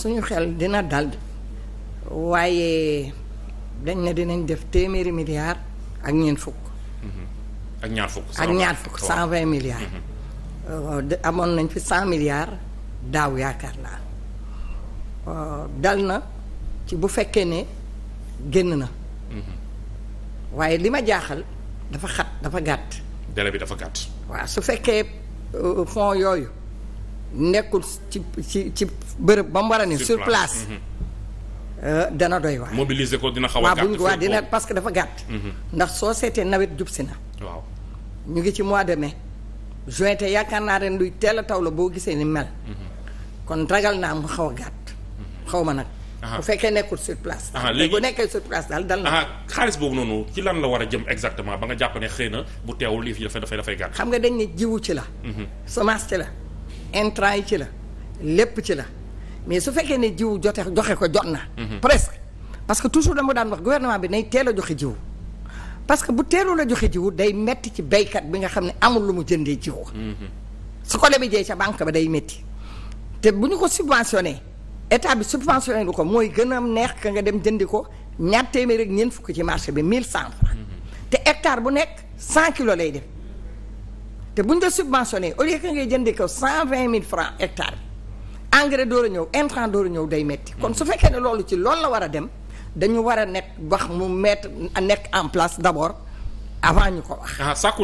suñu xel dina dal waaye dañ ne dinañ def téeméeri milliards ak ñeent fukk. ak ñaar fukk. ak cent vingt milliards. Mhm. Euh, amoon nañ fi cent milliards daaw yaakaar naa euh, dal na ci bu fekkee ne génn na. Mhm. waaye li ma jaaxal dafa xat dafa gàtt. délai bi dafa gàtt. waaw su fekkee euh, fonds yooyu. nekkul ci ci ci bërëb ba mu war a ni sur mhm. euh, dana doy waar. mobiliser ko dina xaw a gàtt waaw dina parce que dafa gàtt. Mhm. ndax soo seetee nawet jub na. waaw ñu ngi ci mois de mai. juin te yaakaar naa ren luy teel a taw la boo gisee ni mel. Mhm. kon ragal naa mu xaw a gàtt. xaw ma nag. bu fekkee nekkul sur place. léegi bu nekkee sur place daal dal na. xaalis boobu noonu ci lan la war a jëm exactement ba nga jàpp ne xëy na bu teewu lii fi dafay dafay gàtt. xam nga dañ ne jiwu ci la. semence ci la. intrant yi ci la lépp ci la mais su fekkee ne jiw jote joxe ko jot na. Mhm. presque parce que toujours dama daan wax gouvernement bi nay teel a joxe jiw. parce que bu teelul a joxe jiw day metti ci béykat bi nga xam ne amul lu mu jëndee jiw. Mhm. su ko lebee jee ca banque ba day metti te bu ñu ko subventionné état bi subventionné lu ko mooy gën a neex ka nga dem jëndi ko ñaar téeméer ak ñeent fukk ci marché bi mille cent francs mhm. te hectare bu nekk cent kilos lay def. te buñ la subventionné au lieu que ngay jëndee ko cent vingt mille francs hectare engrais door a ñëw intrant door a ñëw day metti kon su fekkee ne loolu ci loolu la war a dem dañu war a nekk wax mu mettre nekk en place d'abord avant ñu ko wax. Ah,